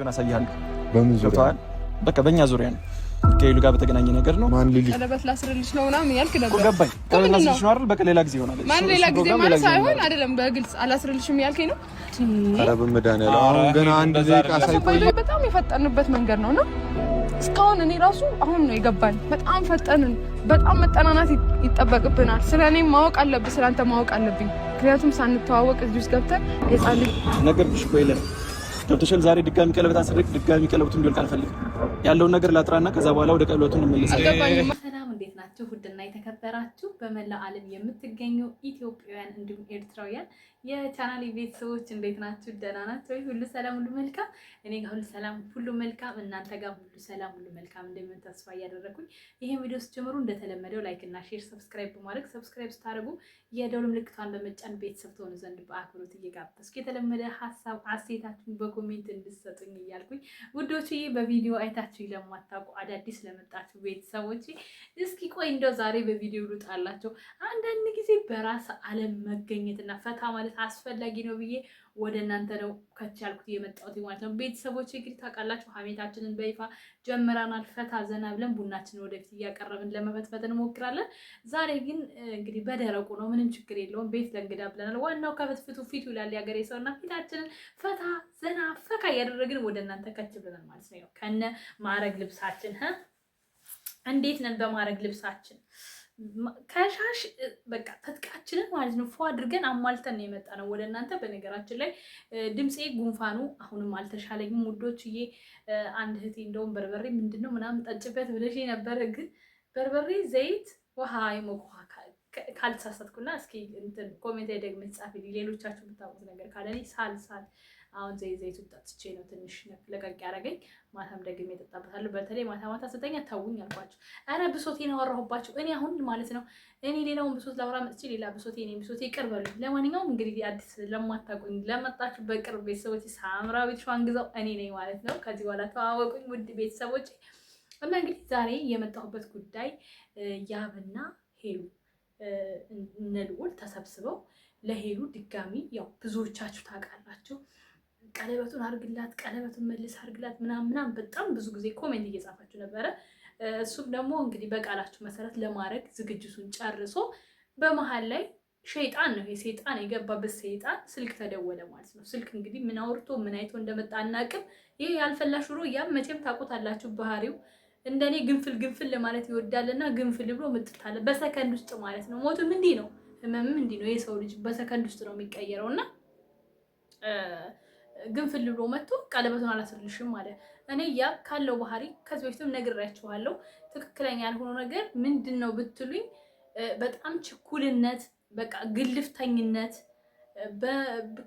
ቪዲዮን አሳያለሁ። በምን ዙሪያ በቃ በእኛ ዙሪያ ነው። ከሄሉ ጋር በተገናኘ ነገር ነው። ማን ልጅ ቀለበት ላስርልሽ ነው ምናምን ያልክ ነበር። ገባኝ። ቀለበት ላስርልሽ ነው አይደል? በቃ ሌላ ጊዜ ይሆናል። ማን ሌላ ጊዜ ማለት ሳይሆን አይደለም፣ በግልጽ አላስርልሽም ያልከኝ ነው። ኧረ በመድኃኒዓለም አሁን ገና አንድ ደቂቃ ሳይቆይ በጣም የፈጠንበት መንገድ ነው ነው እስካሁን እኔ ራሱ አሁን ነው የገባኝ። በጣም ፈጠንን። በጣም መጠናናት ይጠበቅብናል። ስለ እኔ ማወቅ አለብህ፣ ስለ አንተ ማወቅ አለብኝ። ምክንያቱም ሳንተዋወቅ እዚህ ውስጥ ገብተን የጻልኝ ነገር ብሽኮይለን ገብተሻል። ዛሬ ድጋሚ ቀለበት አስረክ ድጋሚ ቀለበቱ እንዲወልቅ አልፈልግም። ያለውን ነገር ላጥራና ከዛ በኋላ ወደ ቀለበቱ እንመለሳለን። ናችሁ? ውድና የተከበራችሁ በመላው ዓለም የምትገኙ ኢትዮጵያውያን እንዲሁም ኤርትራውያን የቻናል ቤተሰቦች እንዴት ናችሁ? ደህና ናችሁ ወይ? ሁሉ ሰላም፣ ሁሉ መልካም። እኔ ጋር ሁሉ ሰላም፣ ሁሉ መልካም። እናንተ ጋር ሁሉ ሰላም፣ ሁሉ መልካም እንደሚሆን ተስፋ እያደረግኩኝ ይሄን ቪዲዮ ስትጀምሩ እንደተለመደው ላይክ እና ሼር፣ ሰብስክራይብ በማድረግ ሰብስክራይብ ስታደርጉ የደውል ምልክቷን በመጫን ቤተሰብ ትሆኑ ዘንድ በአክብሮት እየጋበዝኩ የተለመደ ሀሳብ አስተያየታችሁን በኮሜንት እንድትሰጡኝ እያልኩኝ ውዶች በቪዲዮ አይታችሁ ለማታውቁ አዳዲስ ለመጣችሁ ቤተሰቦች እስኪ ቆይ እንደው ዛሬ በቪዲዮ ልውጣላቸው። አንዳንድ ጊዜ በራስ አለም መገኘትና ፈታ ማለት አስፈላጊ ነው ብዬ ወደ እናንተ ነው ከች ያልኩት የመጣሁት ማለት ነው። ቤተሰቦች እንግዲህ ታውቃላችሁ፣ ሀሜታችንን በይፋ ጀምረናል። ፈታ ዘና ብለን ቡናችንን ወደፊት እያቀረብን ለመፈትፈት እንሞክራለን። ዛሬ ግን እንግዲህ በደረቁ ነው፣ ምንም ችግር የለውም። ቤት ለእንግዳ ብለናል። ዋናው ከፍትፍቱ ፊቱ ይላል የሀገሬ ሰውና ፊታችንን ፈታ ዘና ፈካ እያደረግን ወደ እናንተ ከች ብለናል ማለት ነው ከነ ማረግ ልብሳችን እንዴት ነን በማድረግ ልብሳችን ከሻሽ በቃ ትጥቃችንን ማለት ነው ፎ አድርገን አሟልተን ነው የመጣ ነው ወደ እናንተ። በነገራችን ላይ ድምፄ ጉንፋኑ አሁንም አልተሻለኝም ውዶችዬ። አንድ እህቴ እንደውም በርበሬ ምንድን ነው ምናምን ጠጭበት ብለሽ ነበረ፣ ግን በርበሬ፣ ዘይት፣ ውሃ የሞቀ ውሃ ካልተሳሳትኩና እስኪ ኮሜንት ላይ ደግመሽ ጻፊልኝ ሌሎቻችሁ የምታውቁት ነገር ካለ ሳል ሳል አሁን ዘይ ዘይቱ ጠጥቼ ነው ትንሽ ለቀቅ ያደረገኝ። ማታም ደግሜ እጠጣበታለሁ። በተለይ ማታ ማታ ስተኛ ተውኝ አልኳቸው። ኧረ ብሶቴን አወራሁባቸው። እኔ አሁን ማለት ነው እኔ ሌላውን ብሶት ላውራ መጥቼ ሌላ ብሶቴ እኔ ብሶቴ ይቅር በሉኝ። ለማንኛውም እንግዲህ አዲስ ለማታውቁኝ ለመጣችሁ በቅርብ ቤተሰቦች ሳምራ ቤት ሸዋንግዛው እኔ ነኝ ማለት ነው። ከዚህ በኋላ ተዋወቁኝ ውድ ቤተሰቦች እና እንግዲህ ዛሬ የመጣሁበት ጉዳይ ያብና ሄሉ እነ ልዑል ተሰብስበው ለሄሉ ድጋሚ ያው ብዙዎቻችሁ ታውቃላችሁ ቀለበቱን አርግላት፣ ቀለበቱን መልስ አርግላት ምናምን ምናምን በጣም ብዙ ጊዜ ኮሜንት እየጻፋችሁ ነበረ። እሱም ደግሞ እንግዲህ በቃላችሁ መሰረት ለማድረግ ዝግጅቱን ጨርሶ በመሀል ላይ ሸይጣን ነው የሰይጣን የገባበት ሰይጣን ስልክ ተደወለ ማለት ነው። ስልክ እንግዲህ ምን አውርቶ ምን አይቶ እንደመጣ አናቅም። ይህ ያልፈላ ሽሮ ያም መቼም ታውቁታላችሁ ባህሪው እንደኔ ግንፍል ግንፍል ማለት ይወዳልና ግንፍል ብሎ ምጥታለ በሰከንድ ውስጥ ማለት ነው። ሞቱም እንዲህ ነው፣ ህመምም እንዲህ ነው። የሰው ልጅ በሰከንድ ውስጥ ነው እና ግንፍል ብሎ መጥቶ ቀለበቱን አላስብልሽም አለ። እኔ ያ ካለው ባህሪ ከዚህ በፊትም ነግሬያችኋለሁ። ትክክለኛ ያልሆነው ነገር ምንድን ነው ብትሉኝ በጣም ችኩልነት፣ በቃ ግልፍተኝነት፣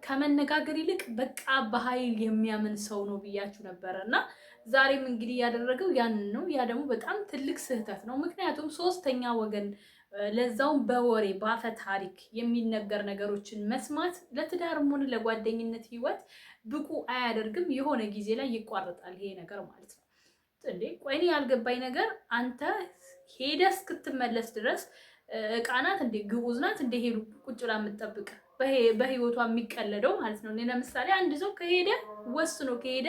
ከመነጋገር ይልቅ በቃ በኃይል የሚያምን ሰው ነው ብያችሁ ነበረ እና ዛሬም እንግዲህ ያደረገው ያንን ነው። ያ ደግሞ በጣም ትልቅ ስህተት ነው። ምክንያቱም ሶስተኛ ወገን ለዛውም በወሬ በአፈ ታሪክ የሚነገር ነገሮችን መስማት ለትዳርም ሆነ ለጓደኝነት ህይወት ብቁ አያደርግም። የሆነ ጊዜ ላይ ይቋረጣል ይሄ ነገር ማለት ነው። እንዴ ቆይኔ ያልገባኝ ነገር አንተ ሄደ እስክትመለስ ድረስ እቃናት እን እንዴ ግዑዝ ቁጭላ እንደ ሄዱ ቁጭ ብላ በህይወቷ የሚቀለደው ማለት ነው። ለምሳሌ አንድ ሰው ከሄደ ወስኖ ከሄደ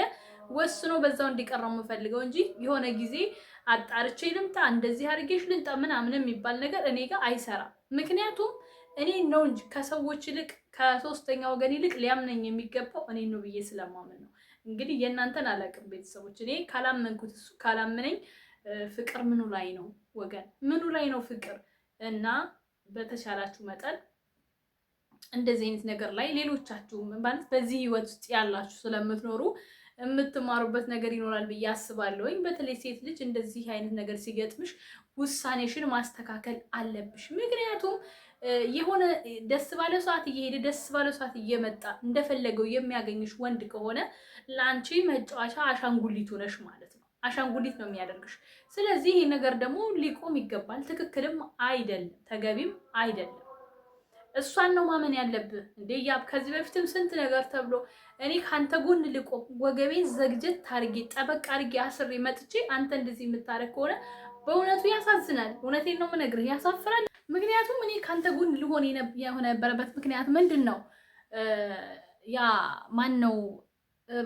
ወስኖ በዛው እንዲቀር ፈልገው የምፈልገው እንጂ የሆነ ጊዜ አጣርቼ ልምጣ እንደዚህ አድርጌሽ ልምጣ ምናምን የሚባል ነገር እኔ ጋር አይሰራም። ምክንያቱም እኔ ነው እንጂ ከሰዎች ይልቅ ከሶስተኛ ወገን ይልቅ ሊያምነኝ የሚገባው እኔ ነው ብዬ ስለማምን ነው። እንግዲህ የእናንተን አላውቅም ቤተሰቦች። እኔ ካላመንኩት እሱ ካላመነኝ ፍቅር ምኑ ላይ ነው ወገን? ምኑ ላይ ነው ፍቅር? እና በተሻላችሁ መጠን እንደዚህ አይነት ነገር ላይ ሌሎቻችሁ ማለት በዚህ ህይወት ውስጥ ያላችሁ ስለምትኖሩ የምትማሩበት ነገር ይኖራል ብዬ አስባለሁኝ። በተለይ ሴት ልጅ እንደዚህ አይነት ነገር ሲገጥምሽ ውሳኔሽን ማስተካከል አለብሽ። ምክንያቱም የሆነ ደስ ባለ ሰዓት እየሄደ ደስ ባለ ሰዓት እየመጣ እንደፈለገው የሚያገኝሽ ወንድ ከሆነ ለአንቺ መጫወቻ አሻንጉሊቱ ነሽ ማለት ነው። አሻንጉሊት ነው የሚያደርግሽ። ስለዚህ ይህ ነገር ደግሞ ሊቆም ይገባል። ትክክልም አይደለም፣ ተገቢም አይደለም። እሷን ነው ማመን ያለብህ እንዴ ያብ ከዚህ በፊትም ስንት ነገር ተብሎ እኔ ከአንተ ጎን ልቆ ወገቤን ዘግጀት ታርጌ ጠበቅ አርጌ አስሬ መጥቼ አንተ እንደዚህ የምታረግ ከሆነ በእውነቱ ያሳዝናል። እውነቴን ነው የምነግርህ፣ ያሳፍራል። ምክንያቱም እኔ ከአንተ ጎን ልሆን የነበረበት ምክንያት ምንድን ነው? ያ ማን ነው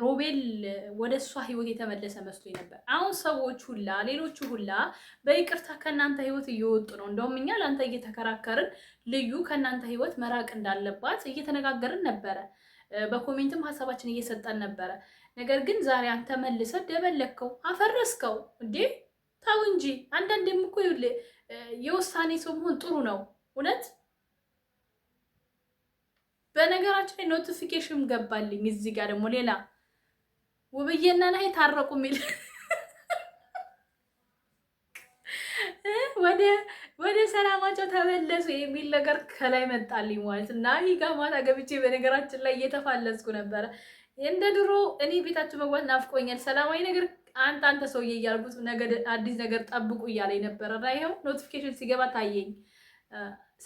ሮቤል ወደ እሷ ህይወት የተመለሰ መስሎኝ ነበር። አሁን ሰዎች ሁላ ሌሎቹ ሁላ በይቅርታ ከእናንተ ህይወት እየወጡ ነው። እንደውም እኛ ለአንተ እየተከራከርን ልዩ ከእናንተ ህይወት መራቅ እንዳለባት እየተነጋገርን ነበረ። በኮሜንትም ሀሳባችን እየሰጠን ነበረ። ነገር ግን ዛሬ አንተ መልሰ ደበለከው፣ አፈረስከው። እንዴ ተው እንጂ አንዳንዴም እኮ የውሳኔ ሰው መሆን ጥሩ ነው እውነት በነገራችን ላይ ኖቲፊኬሽን ገባልኝ። እዚህ ጋር ደግሞ ሌላ ውብዬና ናሂ ታረቁ የሚል ወደ ወደ ሰላማቸው ተመለሱ የሚል ነገር ከላይ መጣልኝ ማለት እና ጋ ማታ ገብቼ በነገራችን ላይ እየተፋለስኩ ነበረ። እንደ ድሮ እኔ ቤታችሁ መግባት ናፍቆኛል፣ ሰላማዊ ነገር አንተ አንተ ሰውዬ እያልኩት አዲስ ነገር ጠብቁ እያለኝ ነበረ ይኸው ኖቲፊኬሽን ሲገባ ታየኝ።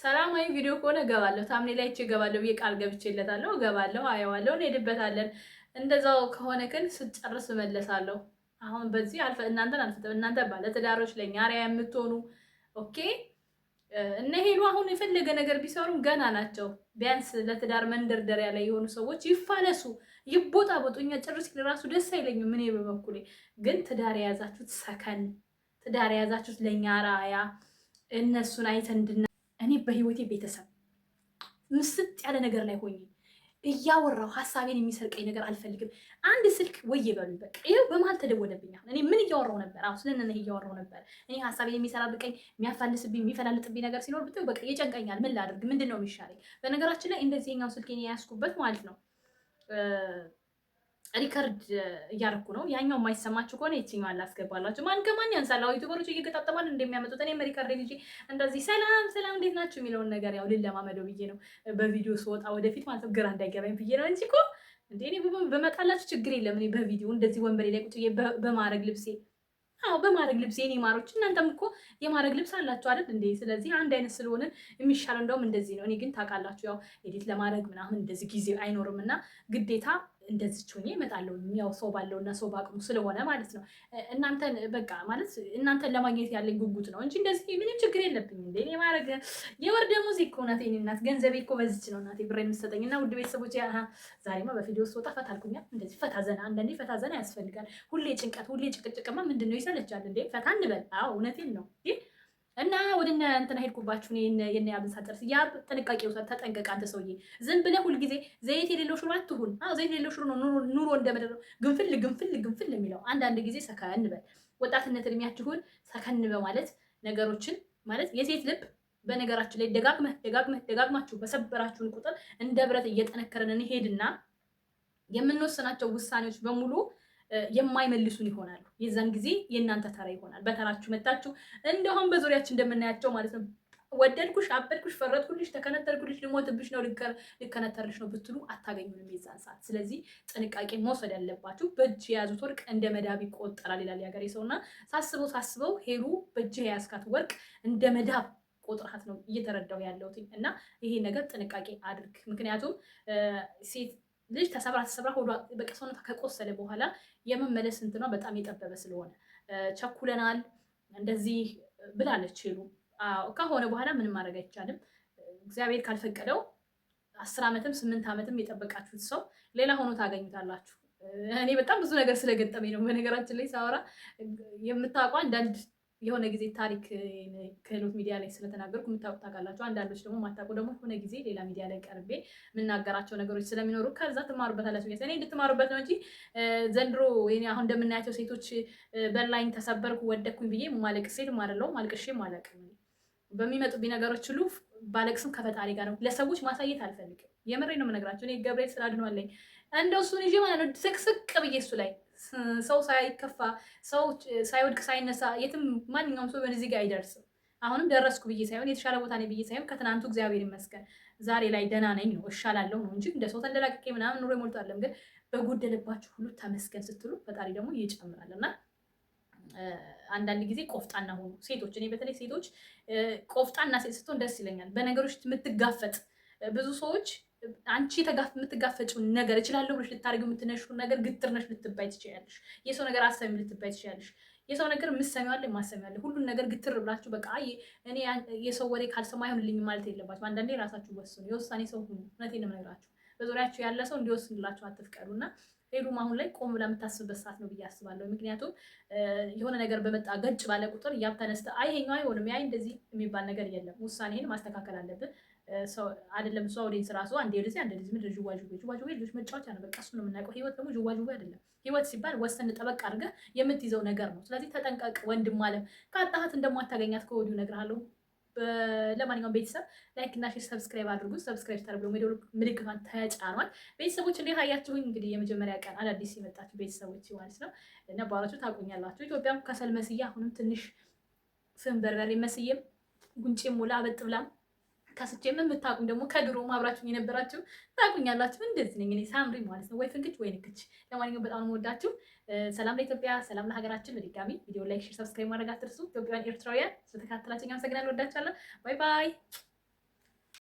ሰላማዊ ቪዲዮ ከሆነ እገባለሁ። ታምኔ ላይ እቺ እገባለሁ ብዬ ቃል ገብቼለታለሁ። እገባለሁ፣ አየዋለሁ፣ እንሄድበታለን። እንደዛው ከሆነ ግን ስጨርስ እመለሳለሁ። አሁን በዚህ አልፈ እናንተን አልፈተም። እናንተ ባለ ለኛ አርአያ የምትሆኑ ኦኬ። እነ ሄሉ አሁን የፈለገ ነገር ቢሰሩም ገና ናቸው። ቢያንስ ለትዳር መንደርደሪያ ላይ የሆኑ ሰዎች ይፋለሱ፣ ይቦጣቦጡ። እኛ ጭርስ ራሱ ደስ አይለኝም። እኔ በበኩሌ ግን ትዳር የያዛችሁት ሰከን፣ ትዳር የያዛችሁት ለእኛ አርአያ እነሱን አይተን እንድና እኔ በህይወቴ ቤተሰብ ምስጥ ያለ ነገር ላይ ሆኜ እያወራው ሀሳቤን የሚሰርቀኝ ነገር አልፈልግም። አንድ ስልክ ወይ በሉ በቃ ይኸው በመሀል ተደወለብኝ። እኔ ምን እያወራው ነበር? አሁ ስለነ እያወራው ነበር። እኔ ሀሳቤን የሚሰራብቀኝ የሚያፋልስብኝ፣ የሚፈላልጥብኝ ነገር ሲኖር ብትው በቃ ይጨንቀኛል። ምን ላድርግ? ምንድን ነው የሚሻለኝ? በነገራችን ላይ እንደዚህኛው ስልኬን የያዝኩበት ማለት ነው ሪከርድ እያደረኩ ነው። ያኛው የማይሰማችሁ ከሆነ የትኛው አላስገባላችሁ። ማን ከማን ያንሳል? አሁን ዩቱበሮች እየገጣጠማል እንደሚያመጡት እኔም ሪከርድ ልጅ እንደዚህ ሰላም ሰላም፣ እንዴት ናቸው የሚለውን ነገር ያው ልለማመደው ብዬ ነው በቪዲዮ ስወጣ ወደፊት ማለት ነው። ግራ እንዳይገባኝ ብዬ ነው እንጂ እኮ እንዴ እኔ በመጣላችሁ ችግር የለም። እኔ በቪዲዮ እንደዚህ ወንበሬ ላይ ቁጭ በማድረግ ልብሴ አዎ በማድረግ ልብስ የኔ ማሮች እናንተም እኮ የማድረግ ልብስ አላችሁ አይደል እንዴ? ስለዚህ አንድ አይነት ስለሆነ የሚሻለው እንደውም እንደዚህ ነው። እኔ ግን ታውቃላችሁ፣ ያው ኤዲት ለማድረግ ምናምን እንደዚህ ጊዜ አይኖርም እና ግዴታ እንደዚች ሆኜ እመጣለሁ። ያው ሰው ባለው እና ሰው በአቅሙ ስለሆነ ማለት ነው። እናንተን በቃ ማለት እናንተን ለማግኘት ያለኝ ጉጉት ነው እንጂ እንደዚህ ምንም ችግር የለብኝ። እንደ እኔ ማድረግ የወር ደሞዜ እኮ እናቴ፣ እኔ እናት ገንዘቤ እኮ በዚች ነው እናቴ ብር የምሰጠኝ። እና ውድ ቤተሰቦች ዛሬማ በቪዲዮ ስወጣ ፈታ አልኩኛል። እንደዚህ ፈታ ዘና፣ አንዳንዴ ፈታ ዘና ያስፈልጋል። ሁሌ ጭንቀት፣ ሁሌ ጭቅጭቅማ ምንድን ነው ይሰለቻል። እንዴ ፈታ እንበል። አዎ እውነቴን ነው ግን እና ወደ እንትና ሄድኩባችሁ የነ ያብን ሳጨርስ ያብ ጥንቃቄ ውሰድ፣ ተጠንቀቅ። አንተ ሰውዬ ዝም ብለህ ሁልጊዜ ዘይት የሌለው ሽሮ አትሁን። ዘይት የሌለው ሽሮ ነው ኑሮ እንደመደረ ግንፍል ግንፍል ግንፍል የሚለው። አንዳንድ ጊዜ ሰከን በል ወጣትነት እድሜያችሁን ሰከን በማለት ነገሮችን ማለት የሴት ልብ በነገራችን ላይ ደጋግመህ ደጋግመህ ደጋግማችሁ በሰበራችሁን ቁጥር እንደ ብረት እየጠነከረን እንሄድና የምንወስናቸው ውሳኔዎች በሙሉ የማይመልሱን ይሆናሉ። የዛን ጊዜ የእናንተ ተራ ይሆናል። በተራችሁ መታችሁ እንደሁም በዙሪያችን እንደምናያቸው ማለት ነው ወደድኩሽ፣ አበድኩሽ፣ ፈረጥኩልሽ፣ ተከነተልኩልሽ፣ ልሞትብሽ ነው፣ ልከነተርልሽ ነው ብትሉ አታገኙንም የዛን ሰዓት። ስለዚህ ጥንቃቄ መውሰድ ያለባችሁ። በእጅ የያዙት ወርቅ እንደ መዳብ ይቆጠራል ይላል የሀገሬ ሰው እና ሳስበው ሳስበው ሄሉ በእጅ የያዝካት ወርቅ እንደ መዳብ ቆጥራት ነው እየተረዳው ያለሁት እና ይሄ ነገር ጥንቃቄ አድርግ። ምክንያቱም ሴት ልጅ ተሰብራ ተሰብራ ሆዷ በቃ ሰውነቷ ከቆሰለ በኋላ የመመለስ እንትኗ በጣም የጠበበ ስለሆነ ቸኩለናል እንደዚህ ብላለች ይሉ ከሆነ በኋላ ምንም ማድረግ አይቻልም። እግዚአብሔር ካልፈቀደው አስር ዓመትም ስምንት ዓመትም የጠበቃችሁት ሰው ሌላ ሆኖ ታገኙታላችሁ። እኔ በጣም ብዙ ነገር ስለገጠመኝ ነው። በነገራችን ላይ ሳወራ የምታውቋ አንዳንድ የሆነ ጊዜ ታሪክ ክህሎት ሚዲያ ላይ ስለተናገርኩ የምታውቁ ታውቃላችሁ። አንዳንዶች ደግሞ ማታውቁ ደግሞ የሆነ ጊዜ ሌላ ሚዲያ ላይ ቀርቤ የምናገራቸው ነገሮች ስለሚኖሩ ከዛ ትማሩበታላችሁ። እኔ እንድትማሩበት ነው እንጂ ዘንድሮ አሁን እንደምናያቸው ሴቶች በላኝ፣ ተሰበርኩ፣ ወደኩኝ ብዬ ማለቅ ሴት አይደለሁም። አልቅሼም አላውቅም። በሚመጡብኝ ነገሮች ሁሉ ባለቅስም ከፈጣሪ ጋር ነው። ለሰዎች ማሳየት አልፈልግም። የምሬ ነው የምነግራቸው። እኔ ገብርኤል ስለ አድኗለኝ እንደው እሱን ይዤ ማለት ነው ስቅስቅ ብዬ እሱ ላይ ሰው ሳይከፋ ሰው ሳይወድቅ ሳይነሳ የትም ማንኛውም ሰው በዚህ ጋር አይደርስም። አሁንም ደረስኩ ብዬ ሳይሆን የተሻለ ቦታ ነኝ ብዬ ሳይሆን ከትናንቱ እግዚአብሔር ይመስገን ዛሬ ላይ ደህና ነኝ ነው እሻላለሁ ነው እንጂ እንደ ሰው ተንደላቅቄ ምናምን ኑሮ ይሞልቷለም። ግን በጎደለባችሁ ሁሉ ተመስገን ስትሉ ፈጣሪ ደግሞ ይጨምራል እና አንዳንድ ጊዜ ቆፍጣና ሆኑ ሴቶች። እኔ በተለይ ሴቶች ቆፍጣና ሴት ስትሆን ደስ ይለኛል። በነገሮች የምትጋፈጥ ብዙ ሰዎች አንቺ የምትጋፈጭውን ነገር እችላለሁ ብለሽ ልታደርጊው የምትነሹን ነገር ግትር ልትባይ ትችያለሽ። የሰው ነገር አሰሚ ልትባይ ትችያለሽ። የሰው ነገር ምሰሚዋለ ማሰሚያለ ሁሉን ነገር ግትር ብላችሁ በቃ እኔ የሰው ወሬ ካልሰማ አይሆንልኝ ማለት የለባችሁ። አንዳንዴ ራሳችሁ ወስኑ። የውሳኔ ሰው ሁኑ። እውነቴን እነግራችሁ በዙሪያችሁ ያለ ሰው እንዲወስንላችሁ አትፍቀዱ እና ሄዱም አሁን ላይ ቆም ብላ የምታስብበት ሰዓት ነው ብዬ አስባለሁ። ምክንያቱም የሆነ ነገር በመጣ ገጭ ባለ ቁጥር እያብተነስተ አይ ይሄኛው አይሆንም ያይ እንደዚህ የሚባል ነገር የለም። ውሳኔህን ማስተካከል አለብን። አይደለም እሱ አውዴንስ ራሱ አንድ ልጅ አንድ ልጅ ምድር ዥዋዥዌ ዥዋዥዌ ልጆች መጫወቻ ነው። በቃ እሱ ነው የምናውቀው። ህይወት ደግሞ ዥዋዥዌ አይደለም። ህይወት ሲባል ወሰን ጠበቅ አድርገህ የምትይዘው ነገር ነው። ስለዚህ ተጠንቀቅ ወንድም አለም። ካጣሃት እንደማታገኛት ከወዲሁ እነግርሃለሁ። ለማንኛውም ቤተሰብ ላይክ እና ሼር ሰብስክራይብ አድርጉ። ሰብስክራይብ ታደርጉ ደግሞ የደወል ምልክቷን ተጫኗል። ቤተሰቦች እንዴት አያችሁኝ? እንግዲህ የመጀመሪያ ቀን አዳዲስ የመጣችሁ ቤተሰቦች ማለት ነው። ነባራችሁ ታቆኛላችሁ። ኢትዮጵያም ከሰል መስያ አሁንም ትንሽ ፍን በርበሬ መስዬም ጉንጭም ሙላ አበጥ ብላም ከስቼም የምታቁም ደግሞ ከድሮ አብራችሁ የነበራችሁ ታቁኛላችሁ። እንደዚህ ነኝ እኔ ሳምሪ ማለት ነው፣ ወይ ፍንክች ወይ ንክች። ለማንኛውም በጣም ወዳችሁ፣ ሰላም ለኢትዮጵያ፣ ሰላም ለሀገራችን። በድጋሚ ቪዲዮ ላይክ፣ ሼር፣ ሰብስክራይብ ማድረግ አትርሱ። ኢትዮጵያውያን ኤርትራውያን ስለተከታተላችሁ አመሰግናለሁ። ወዳችኋለሁ። ባይ ባይ።